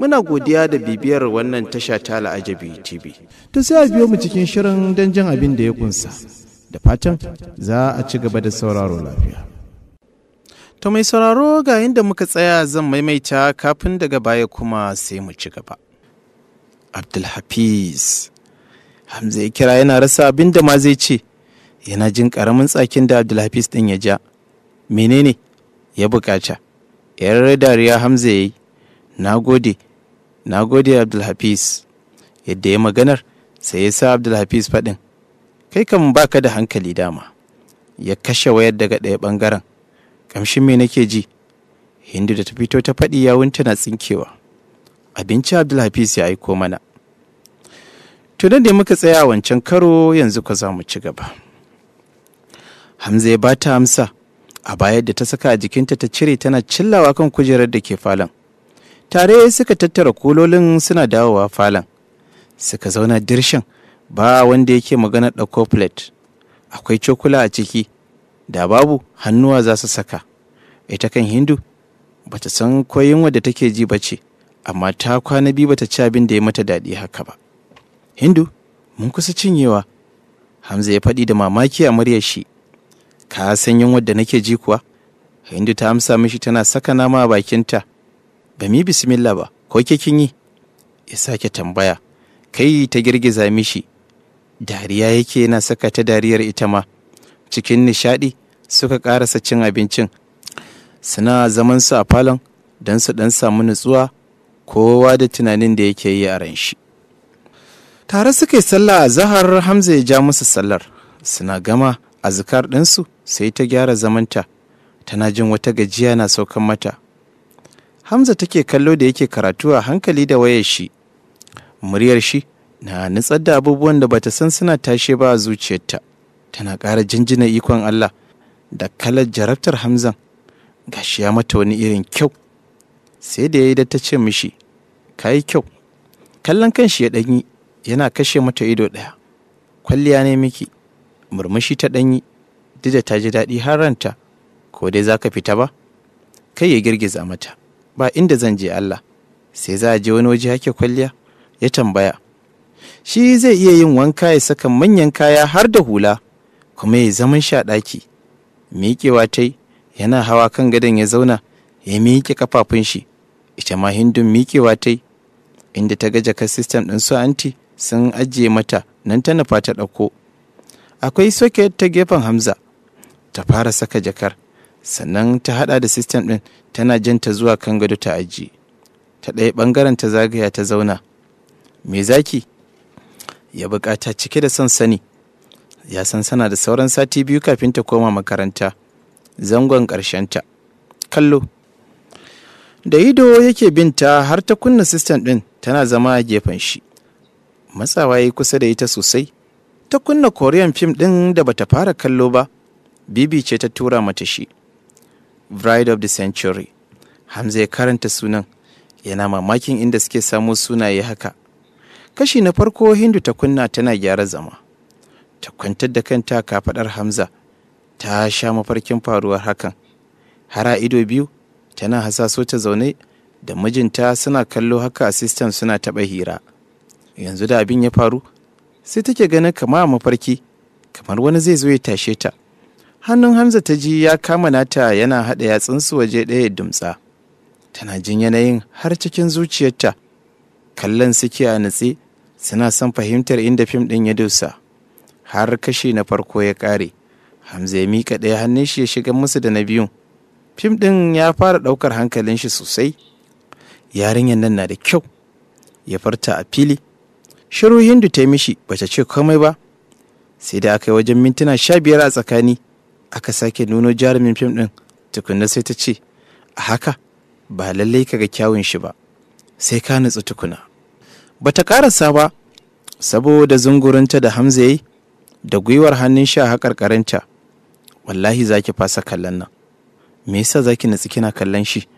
muna godiya da bibiyar wannan tasha ta la'ajabi tv ta sai a biyo mu cikin shirin don jin abin da ya kunsa da fatan za a ci gaba da sauraro lafiya Ta mai sauraro ga inda muka tsaya zan maimaita kafin daga baya kuma sai mu ci gaba abdulhafiz hamza ya kira yana rasa abin da ma zai ce yana jin karamin tsakin da abdulhafiz din ya ja menene ya bukata yar dariya hamza ya yi na gode na gode abdulhafiz yadda ya maganar sai ya sa abdulhafiz faɗin kai kan baka da hankali dama ya kashe wayar daga ɗaya ɓangaren ƙamshin me nake ji hindu da ta fito ta faɗi ya wunta na tsinkewa abinci abdulhafiz ya aiko mana tunan da muka tsaya wancan karo yanzu ka za mu ci gaba hamza ya ba ta amsa a bayar da ta saka a jikinta ta cire tana cillawa kan kujerar da ke falon tare suka tattara kulolin suna dawowa falon suka zauna dirshin ba wanda yake magana ɗauko plate akwai cokula a ciki da babu hannuwa za su saka ita kan hindu ba ta san koyin wadda take ji ba ce amma ta kwana biyu ba ta ci abin da ya mata daɗi haka ba hindu mun kusa cinyewa hamza ya faɗi da mamaki a muryar shi ka san yin wadda nake ji kuwa hindu ta amsa mishi tana saka nama a bakinta ba mi bismillah ba ko ke kin yi ya sake tambaya kai ta girgiza mishi dariya yake yana saka ta dariyar ita ma cikin nishadi suka karasa cin abincin suna zaman su a falon don su ɗan samu nutsuwa kowa da tunanin da yake yi a ran shi tare suka yi sallah a zahar hamza ya ja musu sallar suna gama azkar ɗinsu sai ta gyara zamanta tana jin wata gajiya na saukan mata Hamza take kallo da yake karatu a hankali da wayar shi. Muryar shi na nutsar da abubuwan da bata san suna tashe ba a zuciyarta. Tana ƙara jinjina ikon Allah da kalar jarabtar Hamzan. Gashi ya mata wani irin kyau. Sai da ya yi da ta ce mishi, ka yi kyau. Kallon kan shi ya ɗanyi yana kashe mata ido ɗaya. Kwalliya ne miki, murmushi ta ɗanyi, duk da ta ji daɗi har ranta, ko dai za ka fita ba? Kai ya girgiza mata. ba inda zan je Allah sai za a je wani waje hake kwalliya ya tambaya shi zai iya yin wanka ya saka manyan kaya har da hula kuma ya zaman sha ɗaki miƙewa ta yana hawa kan gadon ya zauna ya miƙe kafafun shi ita ma hindun miƙewa ta inda ta ga jakar sistem ɗin su anti sun ajiye mata nan ta nufa ta ɗauko akwai soket ta gefen hamza ta fara saka jakar sannan ta hada da sistem din tana janta zuwa kan gado ta aji ta ɗaya ɓangaren ta zagaya ta zauna me zaki ya bukata cike da son sani ya san sana da sauran sati biyu kafin ta koma makaranta zangon ta. kallo da ido yake binta har ta kunna sistem ɗin tana zama a gefen shi matsawa ya kusa da ita sosai ta kunna korean fim ɗin da bata fara kallo ba bibi ce ta tura mata shi bride of the century hamza ya karanta sunan yana mamakin inda suke samo sunaye haka kashi na farko hindu ta kunna tana gyara zama ta kwantar da kanta kafaɗar hamza ta sha mafarkin faruwar hakan hara ido biyu tana hasaso ta zaune da mijinta suna kallo haka asistan suna taɓa hira yanzu da abin ya faru sai take ganin kama a mafarki kamar wani zai zo ya tashe ta hannun hamza ta ji ya kama nata yana haɗa yatsunsu waje ɗaya dumtsa tana jin yanayin har cikin zuciyarta kallon suke a nutse suna son fahimtar inda fim ɗin ya dosa har kashi na farko ya ƙare hamza ya miƙa ɗaya hannun shi ya shiga musu da na biyun fim ɗin ya fara ɗaukar hankalin shi sosai yarinyar nan na da kyau ya farta a fili shiru hindu ta mishi bata ce komai ba sai da aka yi wajen mintuna sha biyar a tsakani aka sake nuno jarumin fim ɗin tukunna sai ta ce a haka ba lallai ka ga kyawun shi ba sai ka nutsu tukuna ba ta karasa ba saboda zungurinta da hamza yi da gwiwar hannun shi a haƙarƙarinta wallahi za ki fasa kallon nan me yasa za ki nutsu kina kallon shi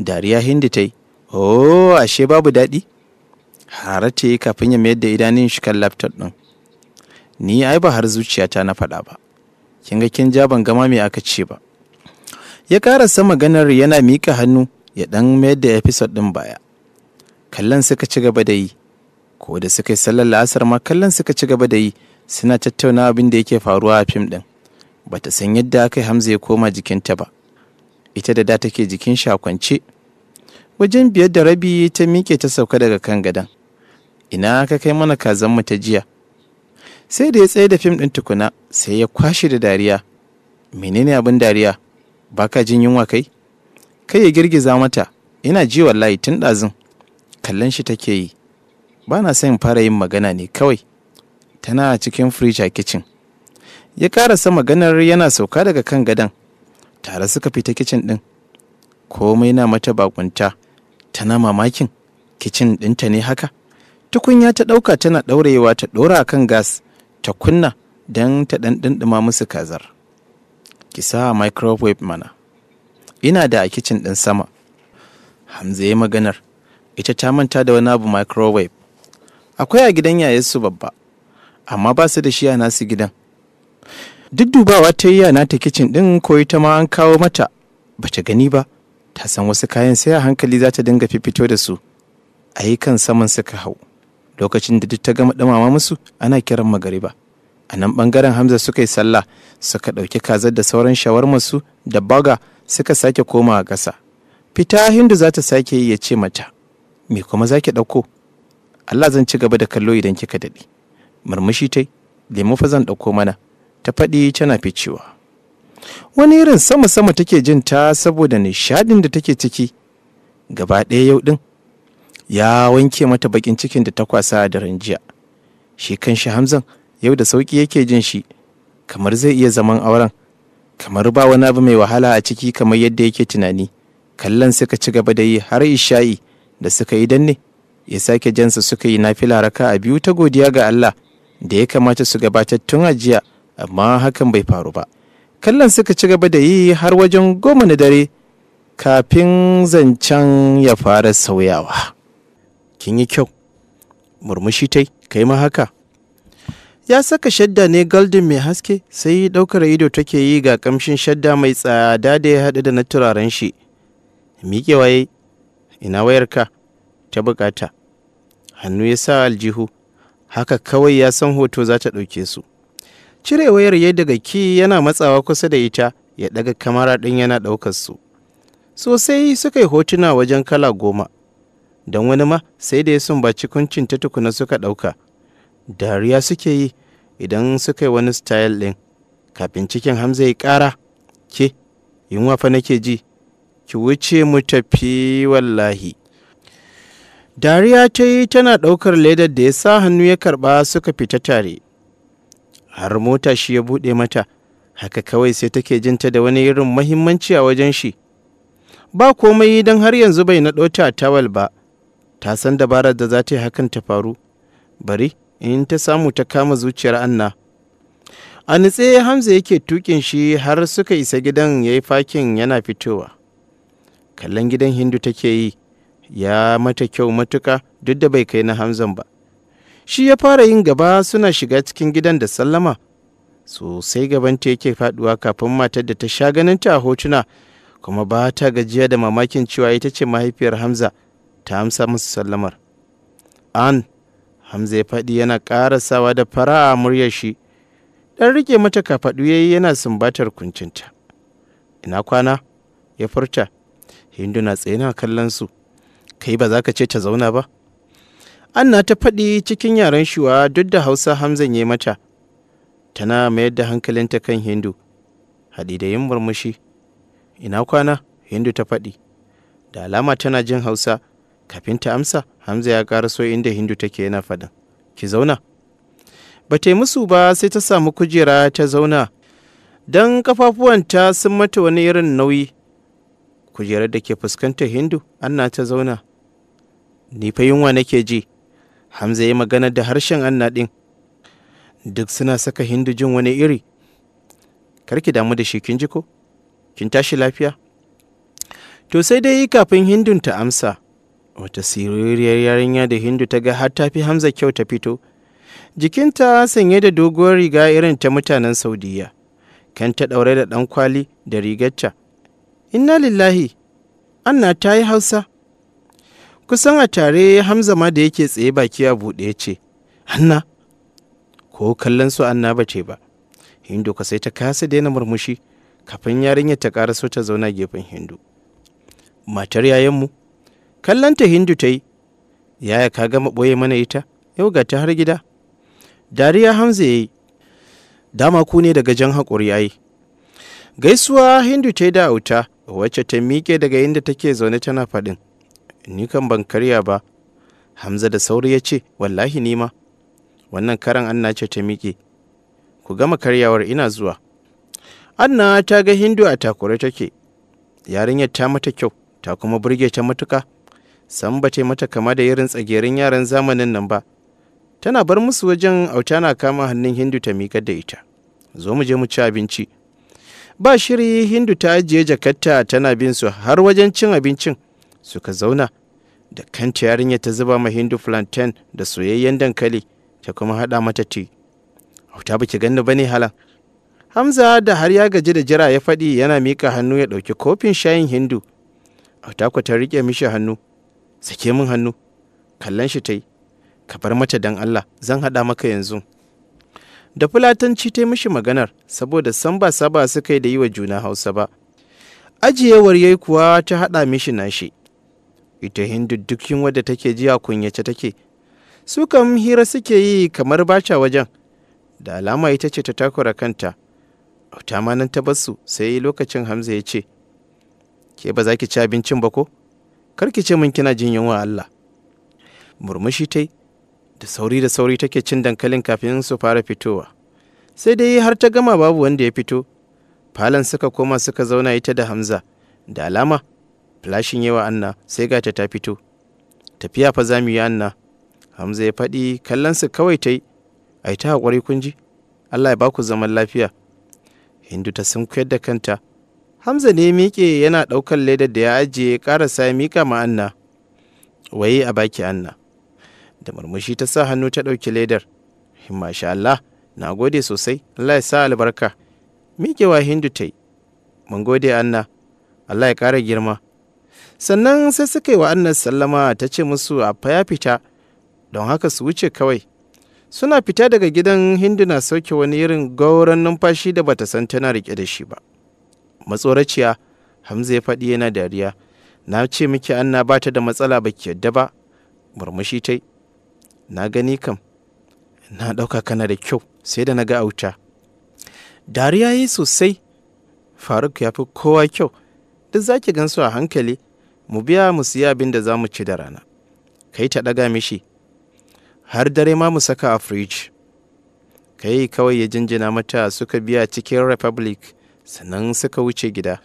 dariya hindi ta yi oh ashe babu daɗi ta yi kafin ya mayar da idanun shi kan laptop ɗin ni ai ba har zuciyata na faɗa ba kinga kin ja ban gama me aka ce ba ya karasa maganar yana mika hannu ya ɗan mayar da episode ɗin baya kallon suka ci gaba da yi ko da suka yi sallar la'asar ma kallon suka ci gaba da yi suna tattauna abin da yake faruwa a fim ɗin bata san yadda aka yi hamza ya koma jikinta ba ita da da take jikin kwance wajen biyar da rabi ta miƙe ta sauka daga kan gadon ina aka kai mana kazan mu ta jiya sai da ya tsaye da fim ɗin tukuna sai ya kwashe da dariya menene abin dariya ba ka jin yunwa kai kai ya girgiza mata ina ji wallahi tun ɗazun kallon shi take yi ba na son fara yin magana ne kawai tana cikin firija kicin ya karasa maganar yana sauka daga kan gadon tare suka fita kicin ɗin komai na mata bakunta tana mamakin kicin ɗinta ne haka tukunya ta ɗauka tana ɗaurewa ta ɗora kan gas ta kunna don ta ɗan musu kazar ki sa microwave mana ina da a kicin ɗin sama hamza ya maganar ita ta manta da wani abu microwave akwai a gidan yayansu babba amma ba su da shi a nasu gidan duk dubawa ta yi yana ta kicin ɗin ko ita ma an kawo mata ba ta gani ba ta san wasu kayan sai a hankali za ta dinga fifito da su a yi kan saman suka hau lokacin da duk ta gama ɗumama musu ana kiran magariba a nan bangaren hamza suka yi sallah suka ɗauki kazar da sauran shawarmarsu da baga suka sake komawa ƙasa fita hindu za ta sake yi ya ce mata me kuma za ki ɗauko allah zan ci gaba da kallo idan kika daɗe murmushi tai lemu fa zan ɗauko mana ta faɗi tana ficewa wani irin sama-sama take jin ta saboda nishadin da take ciki gaba ɗaya yau ɗin ya wanke mata bakin cikin da ta kwasa a daren jiya shi kanshi hamzan yau da sauki yake jin shi kamar zai iya zaman auren kamar ba wani abu mai wahala a ciki kamar yadda yake tunani kallon suka ci gaba da yi har isha'i da suka yi danne ya sake jansa suka yi nafila raka a biyu ta godiya ga Allah da ya kamata su gabatar tun a jiya amma hakan bai faru ba kallon suka ci gaba da yi har wajen goma na dare kafin zancen ya fara sauyawa kin yi kyau murmushi ta tai kai ma haka ya saka shadda ne Goldin mai haske sai ɗaukar ido take yi ga kamshin shadda mai tsada da ya haɗu da na turaren shi miƙewa ya ina wayarka ta bukata hannu ya sa aljihu haka kawai ya san hoto za ta ɗauke su cire wayar ya daga ki yana matsawa kusa da ita ya ɗaga kamara ɗin yana ɗaukar su sosai suka yi hotuna wajen kala goma don wani ma sai da ya sumbaci kuncin ta tukuna suka ɗauka dariya suke yi idan suka yi wani style ɗin kafin cikin hamza ya ƙara ke yunwa fa nake ji ki wuce mu tafi wallahi dariya ta yi tana ɗaukar ledar da ya sa hannu ya karɓa suka fita tare har mota shi ya buɗe mata haka kawai sai take jinta da wani irin mahimmanci a wajen shi ba komai don har yanzu bai na ta tawal ba ta san dabarar da za ta yi hakan ta faru bari in ta samu ta kama zuciyar anna a nutse hamza yake tukin shi har suka isa gidan ya yi fakin yana fitowa kallon gidan hindu take yi ya mata kyau matuka duk da bai kai na hamzan ba shi ya fara yin gaba suna shiga cikin gidan da sallama sosai gabanta yake faduwa kafin matar da ta sha ganin ta a hotuna kuma ba ta gajiya da mamakin cewa ita ce mahaifiyar hamza ta amsa musu sallamar an hamza ya faɗi yana ƙara sawa da fara a muryar shi ɗan riƙe mata kafaɗu ya yi yana sumbatar kuncinta ina kwana ya furta hindu na tsaye na kallon su kai ba za ka ce ta zauna ba na ta faɗi cikin yaren shuwa duk da hausa hamzan ya mata tana mayar da hankalinta kan hindu haɗi da yin murmushi ina kwana hindu ta faɗi da alama tana jin hausa kafin ta amsa hamza ya karaso inda hindu take yana faɗin ki zauna ba ta yi musu ba sai ta samu kujera ta zauna don kafafuwanta sun mata wani irin nauyi kujerar da ke fuskantar hindu anna ta zauna ni fa yunwa nake ji hamza ya magana da harshen anna ɗin duk suna saka hindu jin wani iri karki damu da shi kin ji ko kin tashi lafiya to sai dai kafin hindun ta amsa wata siririyar yarinya da hindu ta ga har ta fi hamza kyau ta fito jikinta sanye da doguwar riga irin ta mutanen saudiya kan ta ɗaure da ɗan kwali da rigarta inna lillahi anna ta yi hausa kusan a tare hamza ma da yake tsaye baki a buɗe ce anna ko kallon su anna ba ce ba hindu ka sai ta kasa daina murmushi kafin yarinyar ta ƙara so ta zauna gefen hindu matar yayanmu kallon ta hindu ta yi yaya ka gama ɓoye mana ita yau ga ta har gida dariya hamza ya yi dama ku ne daga jan haƙuri ya yi gaisuwa hindu ta yi da wuta. wacce ta miƙe daga inda take zaune tana faɗin ni kan ban karya ba hamza da sauri ya ce wallahi ni ma wannan karan anna ce ta miƙe ku gama karyawar ina zuwa anna ta ga hindu a takure take yarinyar ta mata kyau ta kuma burge ta matuka san ba ta mata kama da irin tsagerin yaran zamanin nan ba tana bar musu wajen auta na kama hannun hindu ta miƙar da ita zo mu je mu ci abinci ba shiri hindu ta ajiye jakarta tana bin su har wajen cin abincin suka zauna da kanta yarinya ta zuba ma hindu plantain da soyayyen dankali ta kuma haɗa mata ti auta ba ki ganni bane halan hamza da har ya gaji da jira ya faɗi yana miƙa hannu ya ɗauki kofin shayin hindu auta ku ta riƙe mishi hannu sake min hannu kallon shi ta yi ka bar mata don Allah zan haɗa maka yanzu da fulatanci ta yi mishi maganar saboda san ba saba suka yi da yi wa juna hausa ba ajiyewar yayi kuwa ta haɗa mishi nashi ita hindu duk wadda take jiya kunyace take su kam hira suke yi kamar baca wajen da alama ita ce ta takura kanta auta ma nan ta basu sai lokacin hamza ya ce ke ba za ki ci abincin ba ko karki ce min kina jin yunwa Allah murmushi tai da sauri da sauri take cin dankalin kafin su fara fitowa sai dai har ta gama babu wanda ya fito falon suka koma suka zauna ita da hamza da alama flashin yawa anna sai gata ta fito tafiya fa za mu yi anna hamza ya faɗi kallon su kawai ta yi a ta haƙuri kun ji allah ya baku zaman lafiya hindu ta sunkuyar da kanta Hamza ne miƙe yana ɗaukar ledar da ya ajiye ƙarasa miƙa ma Anna. Waye a baki Anna. Da murmushi ta sa hannu ta ɗauki ledar. Masha Allah, na gode sosai, Allah ya sa albarka. Miƙewa Hindu ta yi. Mun gode Anna, Allah ya ƙara girma. Sannan sai suka yi wa Anna sallama ta ce musu a ya fita, don haka su wuce kawai. Suna fita daga gidan Hindu na sauke wani irin gauran numfashi da bata san tana riƙe da shi ba. matsoraciya hamza ya faɗi yana dariya na ce miki anna ba ta da matsala ba ki yadda ba murmushi tai na gani kam na ɗauka kana da kyau sai da na ga auta dariya yi sosai faruk ya fi kowa kyau duk za ki gan su a hankali mu biya mu siya abin da za mu ci da rana kai ta ɗaga mishi har dare ma mu saka a firij kai kawai ya jinjina mata suka biya cikin republic sannan suka wuce gida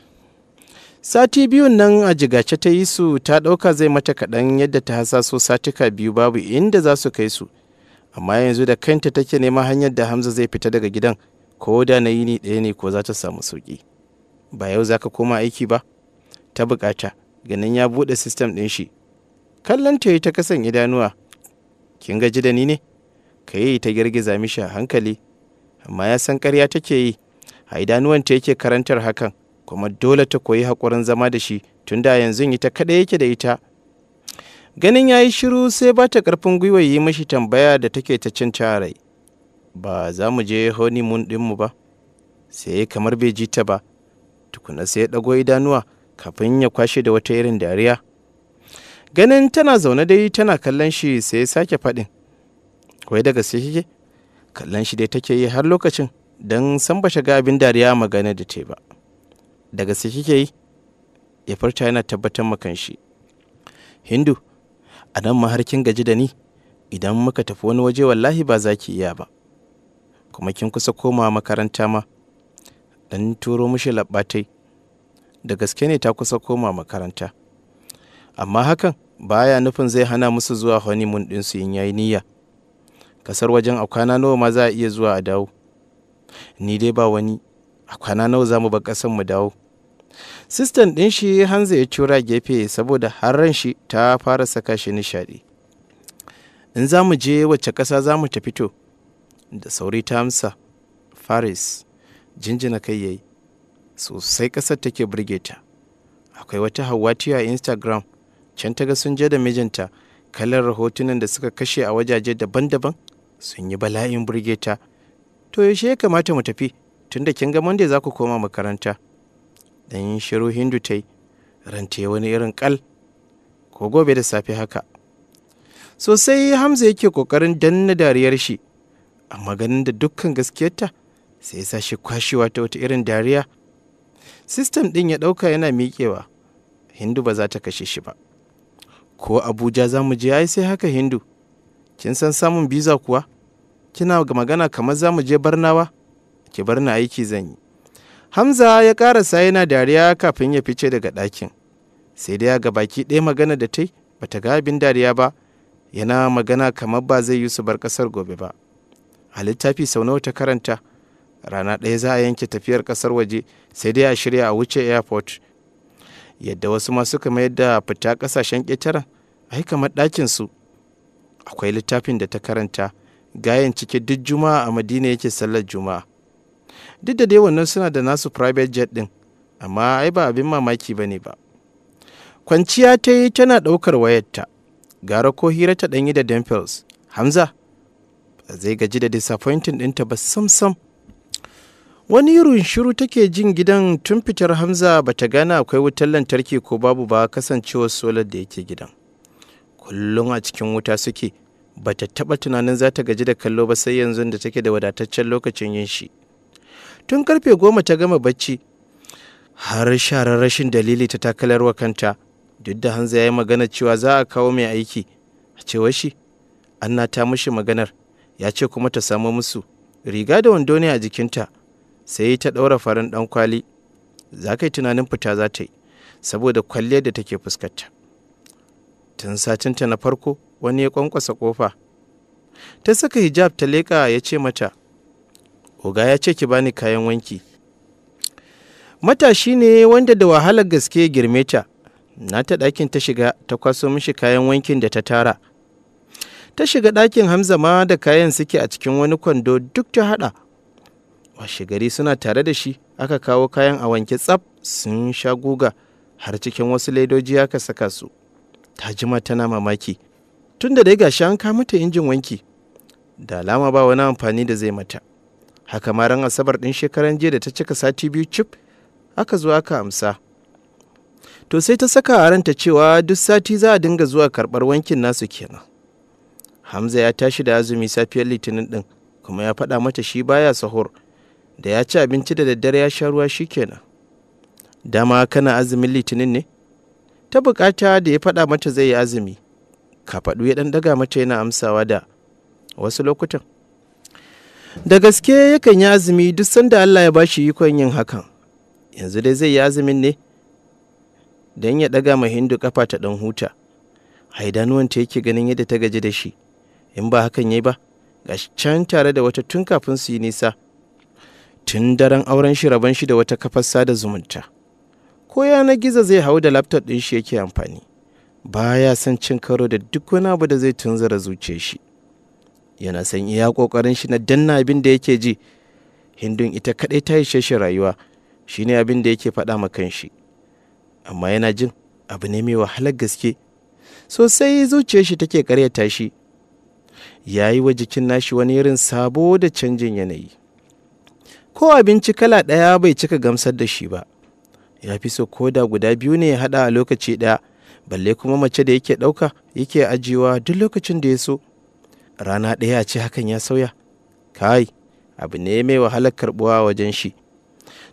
sati biyun nan a jigace ta yi su ta ɗauka zai mata kaɗan yadda ta hasaso satuka biyu babu inda za su kai su amma yanzu da kanta take neman hanyar da hamza zai fita daga gidan ko da na yini ɗaya ne ko za ta samu sauƙi ba yau za ka koma aiki ba ta buƙata ganin ya buɗe sistem ɗin shi kallon ta yi ta kasan idanuwa kin gaji da ni ne ka yi ta girgiza mishi a hankali amma ya san ƙarya take yi a idanuwanta yake karantar hakan kuma dole ta koyi haƙurin zama da shi tun da yanzu ita kaɗai yake da ita ganin ya yi shiru sai ba ta ƙarfin gwiwa yi mashi tambaya da take ta cin tarai ba za mu je honeymoon ɗinmu ba sai kamar bai ji ta ba tukuna sai ya ɗago idanuwa kafin ya kwashe da wata irin dariya ganin tana zaune dai tana kallon shi sai ya sake faɗin wai daga sai kike kallon shi dai take yi har lokacin don san ba shiga abin dariya magana da te ba da gaske kike yi ya furta yana tabbatar makan shi hindu a nan ma gaji da ni idan muka tafi wani waje wallahi ba za ki iya ba kuma kin kusa koma makaranta ma dan turo mushi labbatai da gaske ne ta kusa koma makaranta amma hakan baya nufin zai hana musu zuwa honeymoon su in yayi niyya kasar wajen a kwana nawa ma za a iya zuwa a dawo ni dai ba wani a kwana nawa za mu bar ƙasar mu dawo sistan ɗin shi hanzu ya cura gefe saboda har ran shi ta fara saka shi nishaɗi in za mu je wacce ƙasa za mu tafi to da sauri ta amsa faris jinjina kai yayi sosai ƙasar take burge ta akwai wata hawatiya a instagram can ta ga sun je da mijinta kalar rahotunan da suka kashe a wajaje daban-daban sun yi bala'in burge ta to yaushe ya kamata mu tafi tunda kin ga wanda za ku koma makaranta dan shiru hindu ta yi rantaye wani irin kal ko gobe da safe haka sosai hamza yake kokarin danna dariyar shi amma ganin da dukkan gaskiyarta sai ya sa shi kwashewa ta wata irin dariya sistem ɗin ya ɗauka yana miƙewa hindu ba za ta kashe shi ba ko abuja za mu je ai sai haka hindu kin san samun biza kuwa kina ga magana kamar za mu je barnawa ki bar na aiki zan yi hamza ya ƙara karasa yana dariya kafin ya fice daga ɗakin sai dai ga baki ɗaya magana da ta yi ta ga abin dariya ba yana magana kamar ba zai yi su bar ƙasar gobe ba a littafi sau nawa ta karanta rana ɗaya za a yanke tafiyar ƙasar waje sai dai a shirya a wuce airport yadda wasu ma suka mayar da fita ƙasashen ƙetaren ai kamar ɗakin su akwai littafin da ta karanta gayan cike duk juma'a a madina yake sallar juma'a duk da dai wannan suna da nasu private jet din amma ai ba abin mamaki ba ne ba kwanciya ta yi tana ɗaukar wayarta gara ko hira ta ɗanyi da dimples hamza ba zai gaji da disappointing ɗinta ba sam-sam wani irin shiru take jin gidan tun fitar hamza ba ta gana akwai wutar lantarki ko babu ba kasancewar solar da yake gidan kullum a cikin wuta suke ba ta taɓa tunanin za ta gaji da kallo ba sai yanzu da take da wadataccen lokacin yin shi tun karfe goma ta gama bacci har sharar rashin dalili ta takalar wa kanta duk da hanzu ya yi magana cewa za a kawo mai aiki a cewar shi anna ta mushi maganar ya ce kuma ta samu musu riga da wando ne a jikinta sai ta ɗaura farin ɗan kwali za ka yi tunanin fita za ta yi saboda kwalliyar da take fuskanta tun satinta na farko wani ya kwankwasa kofa ta saka hijab ta leƙa ya ce mata oga ya ce ki bani kayan wanki matashi ne wanda da wahalar gaske girme ta na ta ɗakin ta shiga ta kwaso mishi kayan wankin da ta tara ta shiga ɗakin hamza ma da kayan suke a cikin wani kwando duk ta haɗa washe gari suna tare da shi aka kawo kayan a wanke tsaf sun sha guga har cikin wasu ledoji aka saka su ta jima tana mamaki tun da dai gashi an kama mata injin wanki da alama ba wani amfani da zai mata haka ma ran asabar ɗin shekaran jiya da ta cika sati biyu cip aka zo aka amsa to sai ta saka a ranta cewa duk sati za a dinga zuwa karɓar wankin nasu kenan hamza ya tashi da azumi safiyar litinin ɗin kuma ya faɗa mata shi baya sahur da ya ci abinci da daddare ya sha ruwa shi kenan dama kana azumin litinin ne ta bukata da ya faɗa mata zai yi azumi kafaɗu ya ɗan daga mata yana amsawa da wasu lokutan da gaske yakan yi azumi duk sanda allah ya bashi ikon yin hakan yanzu dai zai yi azumin ne don ya ɗaga ma hindu ƙafa ta ɗan huta haidanuwanta yake ganin yadda ta gaji da shi in ba hakan yi ba ga can tare da wata tun kafin su yi nisa tun daren auren shi rabon shi da wata kafar sada zumunta ko yanar gizo zai hau da laptop ɗin shi yake amfani Ba ya son cin karo da duk wani abu da zai tunzara zuciyar shi yana son iya kokarin shi na danna abin da yake ji hindun ita kaɗai ta ishe shi rayuwa shine abin da yake faɗa ma kanshi amma yana jin abu ne mai wahalar gaske sosai zuciyar shi take karyata shi ya yi wa jikin nashi wani irin sabo da canjin yanayi ko abinci kala ɗaya bai cika gamsar da shi ba ya fi so koda guda biyu ne ya haɗa a lokaci ɗaya balle kuma mace da yake ɗauka yake ajiyewa duk lokacin da ya so rana ɗaya a ce hakan ya sauya kai abu ne mai wahalar karɓuwa wajen shi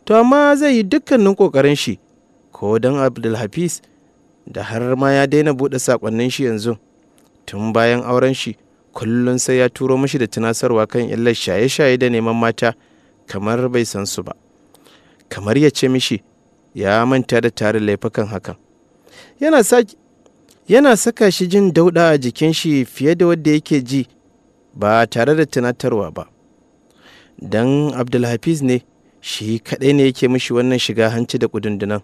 to amma zai yi dukkanin ƙoƙarin shi ko don abdulhafiz da har ma ya daina buɗe saƙonnin shi yanzu tun bayan auren shi kullum sai ya turo mashi da tunasarwa kan illar shaye-shaye da neman mata kamar bai san su ba kamar ya ce mishi ya manta da tarin laifukan hakan yana saka shi jin dauɗa a jikin shi fiye da wadda yake ji ba tare da tunatarwa ba don abdulhafiz ne shi kadai ne yake mishi wannan shiga hanci da kudundunan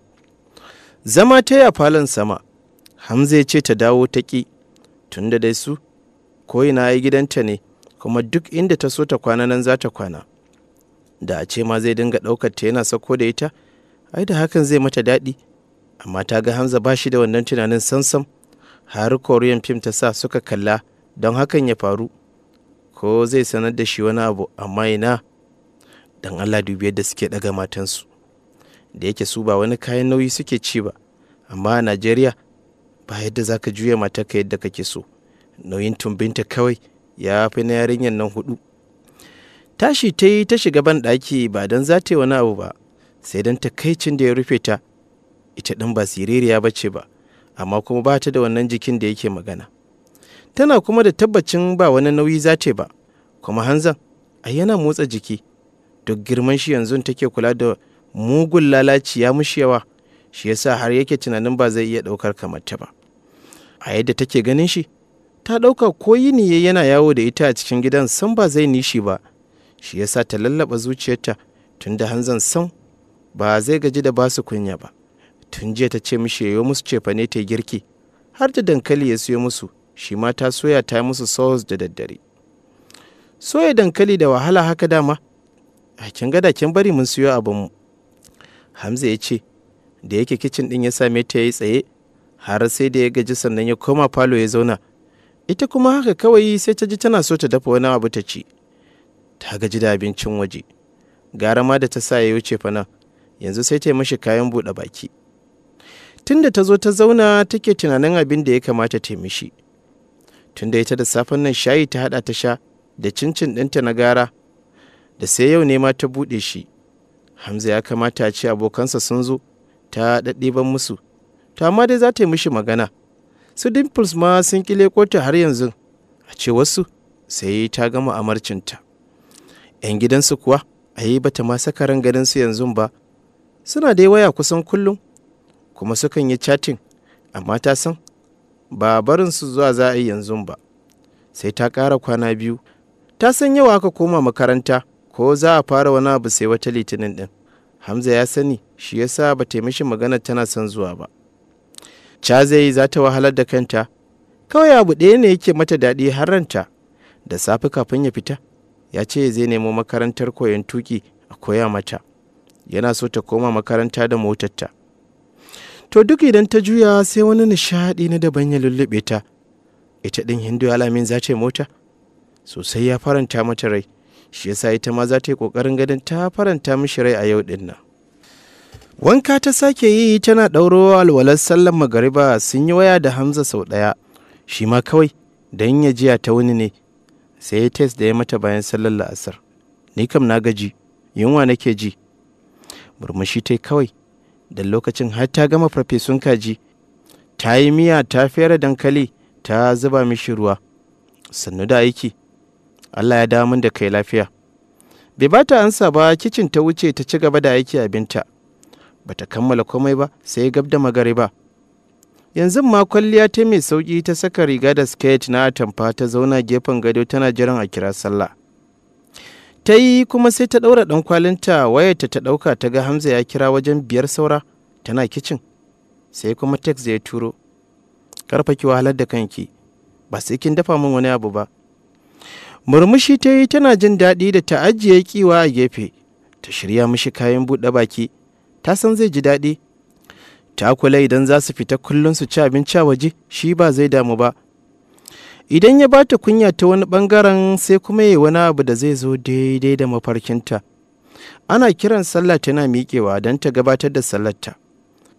zama ta ya falon sama hamza ya ce ta dawo ta ki tun da dai su ko ina ya gidanta ne kuma duk inda ta so ta kwana nan za ta kwana da a ce ma zai dinga ɗaukar ta yana sako da ita ai da hakan zai mata daɗi amma ta ga hamza ba shi da wannan tunanin sansam har koriyan fim ta sa suka kalla don hakan ya faru ko zai sanar da shi wani abu amma ina don allah dubi yadda suke daga matansu da yake su ba wani kayan nauyi suke ci ba amma a najeriya ba yadda za ka juya matarka yadda kake so nauyin tumbinta kawai ya fi na yarinyar nan hudu tashi ta yi ta shiga ban ɗaki ba don za ta yi wani abu ba sai don takaicin da ya rufe ta ita ɗin ba siririya ba ce ba amma kuma ba ta da wannan jikin da yake magana tana kuma da tabbacin ba wani nauyi za ta ba kuma hanzan a yana motsa jiki duk girman shi yanzu take kula da mugun lalaci ya mushi yawa shi yasa har yake tunanin ba zai iya ɗaukar kamar ta ba a yadda take ganin shi ta ɗauka ko yini yana yawo da ita a cikin gidan san ba zai nishi ba shi yasa ta lallaba zuciyarta tunda hanzan san ba zai gaji da basu kunya ba tun jiya ta ce mishi yayo musu cefane ta girki har da dankali ya siyo musu shi ma ta soya ta musu sauce da daddare soya dankali da wahala haka dama a kin gada kin bari mun siyo mu. hamza ya ce da yake kicin din ya same ta yi tsaye har sai da ya gaji sannan ya koma falo ya zauna ita kuma haka kawai sai ta ji tana so ta dafa wani abu ta ci ta gaji da abincin waje gara ma da ta sa ya wuce fana yanzu sai ta yi mashi kayan buɗe baki tun da ta zo ta zauna take tunanin abin da ya kamata ta mishi tunda ita da safen nan shayi ta hada ta sha da cincin ɗinta na gara da sai yau ne ma ta buɗe shi hamza ya kamata a ce abokansa sun zo ta ban musu ta amma dai za ta yi mishi magana su dimples ma sun kile kota har yanzu a ce wasu sai ta gama amarcinta 'yan gidansu kuwa a yi bata ma sakaran su yanzu ba suna dai waya kusan kullum kuma sukan yi chatting amma ta san ba barin su zuwa za a yi yanzu ba sai ta ƙara kwana biyu ta san yawa aka koma makaranta ko za a fara wani abu sai wata litinin din hamza ya sani shi yasa ba ta mishi magana tana son zuwa ba yi za ta wahalar da kanta kawai abu ɗaya ne yake mata daɗi har ranta da safe kafin ya fita ya ce zai nemo makarantar koyon tuki a koya mata yana so ta koma makaranta da motarta to duk idan ta juya sai wani nishaɗi na daban ya lullube ta ita ɗin hindu alamin za ce mota sosai ya faranta mata rai shi yasa ita ma za ta yi ƙoƙarin ganin ta faranta mishi rai a yau ɗin nan wanka ta sake yi tana ɗauro alwalar sallan magariba sun yi waya da hamza sau ɗaya shi ma kawai don ya jiya ta wuni ne sai ya tes da ya mata bayan sallar la'asar ni kam na gaji yunwa nake ji murmushi ta kawai da lokacin har ta gama farfesun kaji ta yi miya ta fere dankali ta zuba mishi ruwa sannu da aiki allah ya damun da kai lafiya bai ba ta ansa ba kicin ta wuce ta ci gaba da aiki abinta ba ta kammala komai ba sai gab da magari ba yanzu ma kwalliya ta mai sauƙi ta saka riga da siket na atamfa ta zauna gefen gado tana jiran a kira sallah ta yi kuma sai ta ɗaura ɗan kwalinta wayarta ta ɗauka ta ga hamza ya kira wajen biyar saura tana kicin sai kuma tex ya turo karfa ki wahalar da kanki ba sai kin dafa min wani abu ba murmushi ta yi tana jin daɗi da ta ajiye kiwa a gefe ta shirya mishi kayan buɗe baki ta san zai ji daɗi ta kula idan za su fita kullum su ci abinci a waje shi ba zai damu ba idan ya bata kunya ta wani bangaren sai kuma yi wani abu da zai zo daidai da mafarkinta ana kiran sallah tana miƙewa don ta gabatar da sallarta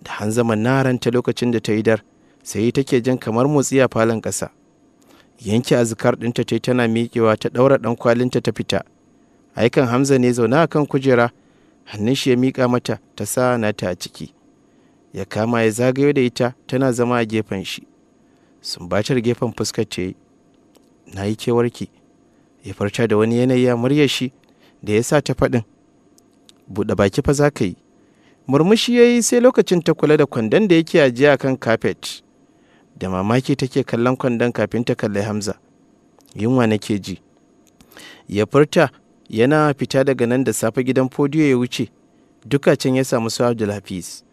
da hanzaman naranta lokacin da ta yi dar sai take jin kamar motsi a falon ƙasa yanke azkar ɗinta ta tana miƙewa ta ɗaura ɗan kwalinta ta fita aikan hamza ne zaune a kan kujera hannun shi ya miƙa mata ta sa nata a ciki ya kama ya zagayo da ita tana zama a gefen shi sumbatar gefen fuskar ce na yi kewarki ya farta da wani yanayi a muryar shi da ya sa ta faɗin buɗe baki fa za ka yi murmushi ya yi sai lokacin ta kula da kwandon da yake ajiya kan kafet da mamaki take kallon kwandon kafin ta kalli hamza yunwa nake ji ya furta yana fita daga nan da safe gidan fodiyo ya wuce duka can ya samu su abdulhafiz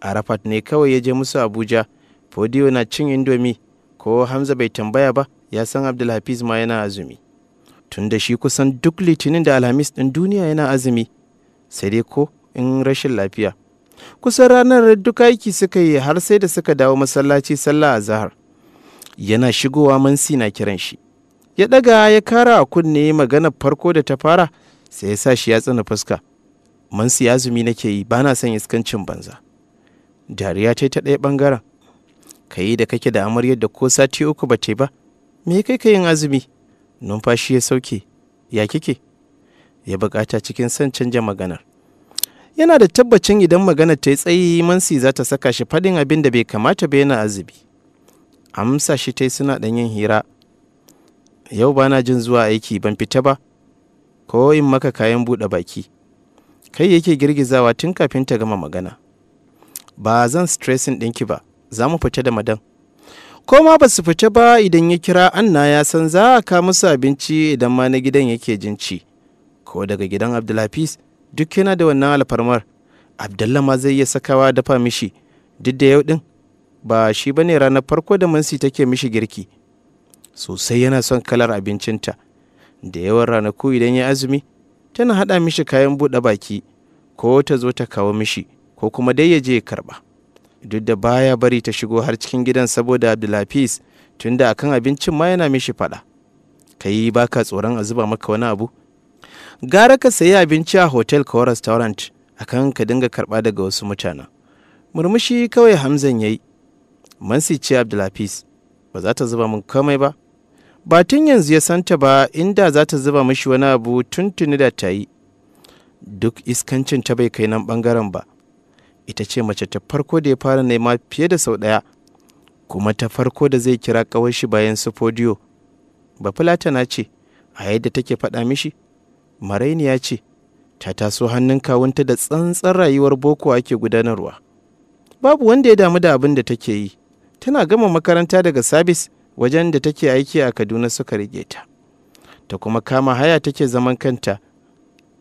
arafat ne kawai ya je musu abuja fodiyo na cin indomi ko hamza bai tambaya ba ya san abdulhafiz ma yana azumi tun da shi kusan duk litinin da alhamis ɗin duniya yana azumi sai dai ko in rashin lafiya kusan ranar duk aiki suka yi har sai da suka dawo masallaci sallah a zahar yana shigowa mansi na kiran shi ya ɗaga ya kara a kunne magana farko da ta fara sai ya sa shi ya tsina fuska mansi azumi nake yi bana son iskancin banza dariya ta ta ɗaya ɓangaren Ka yi da kake da amaryar da ko sati uku ba ba me kai ka yin azumi numfashi ya sauke ya kike ya bukata cikin son canja maganar yana da tabbacin idan maganar ta yi tsayi mansi za ta saka shi faɗin abin da bai kamata ba yana azumi amsa shi ta yi suna ɗan yin hira yau ba na jin zuwa aiki ban fita ba ko in maka kayan buɗe baki kai yake girgizawa tun kafin ta gama magana ba zan stressin ɗinki ba za mu fita da madan ko ma ba su fita ba idan ya kira anna ya san za a ka musu abinci idan ma na gidan yake jinci ko daga gidan abdulhafiz duk yana da wannan alfarmar abdullah ma zai iya sakawa dafa mishi duk da yau din ba shi ba ne ranar farko da mansi take mishi girki sosai yana son kalar abincinta da yawan ranaku idan ya azumi tana haɗa mishi kayan buɗe baki ko ta zo ta kawo mishi ko kuma dai ya je ya karɓa. duk da baya bari ta shigo har cikin gidan saboda abdulhafiz tunda akan abincin ma yana mishi faɗa ka yi baka tsoron a zuba maka wani abu gara ka sayi abinci a hotel ko restaurant akan ka dinga karba daga wasu mutanen murmushi kawai hamzan yayi yi mansi ce abdulhafiz ba za ta zuba min komai ba ba tun yanzu ya santa ba inda za ta zuba mishi wani abu tuntuni da ta yi duk iskancin ta bai kai nan bangaren ba ita ce mace ta farko da ya fara nema fiye da sau ɗaya kuma ta farko da zai kira kawai shi bayan su fodiyo na ce a yadda take faɗa mishi maraini ya ce ta taso hannun kawunta da tsantsan rayuwar boko ake gudanarwa babu wanda ya damu da abin da take yi tana gama makaranta daga sabis wajen da take aiki a kaduna suka rike ta ta kuma kama haya take zaman kanta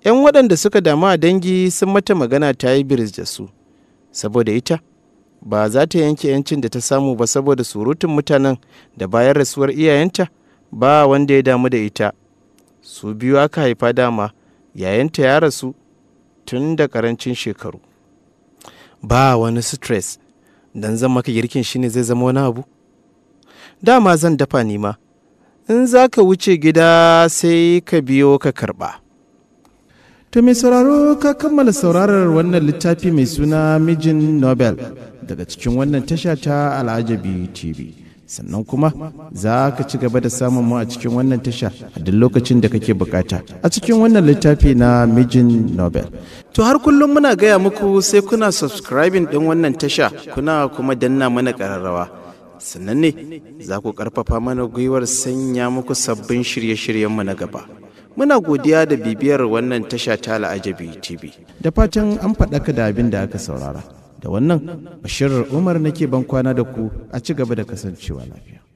'yan waɗanda suka damu a dangi sun mata magana ta yi biris da su saboda ita ba za ta yanke yancin da ta samu ba saboda surutun mutanen da bayan rasuwar iyayenta ba wanda ya damu da ita su biyu aka haifa dama yayanta ya rasu tun da karancin shekaru ba wani stress don zan maka girkin shine zai zama wani abu dama zan dafa nima in za ka wuce gida sai ka biyo ka karba To mai sauraro ka kammala saurarar wannan littafi mai suna mijin Nobel daga cikin wannan tasha ta Al'ajabi TV. Sannan kuma za ka ci gaba da samun mu a cikin wannan tasha a duk lokacin da kake bukata a cikin wannan littafi na mijin Nobel. To har kullum muna gaya muku sai kuna subscribing din wannan tasha kuna kuma danna mana ƙararrawa. Sannan ne za ku karfafa mana gwiwar sanya muku sabbin shirye-shiryenmu na gaba. muna godiya da bibiyar wannan tasha ta la'ajabi tv da fatan an faɗaka da abin da aka saurara da wannan bashirar umar nake ban kwana da ku a ci gaba da kasancewa lafiya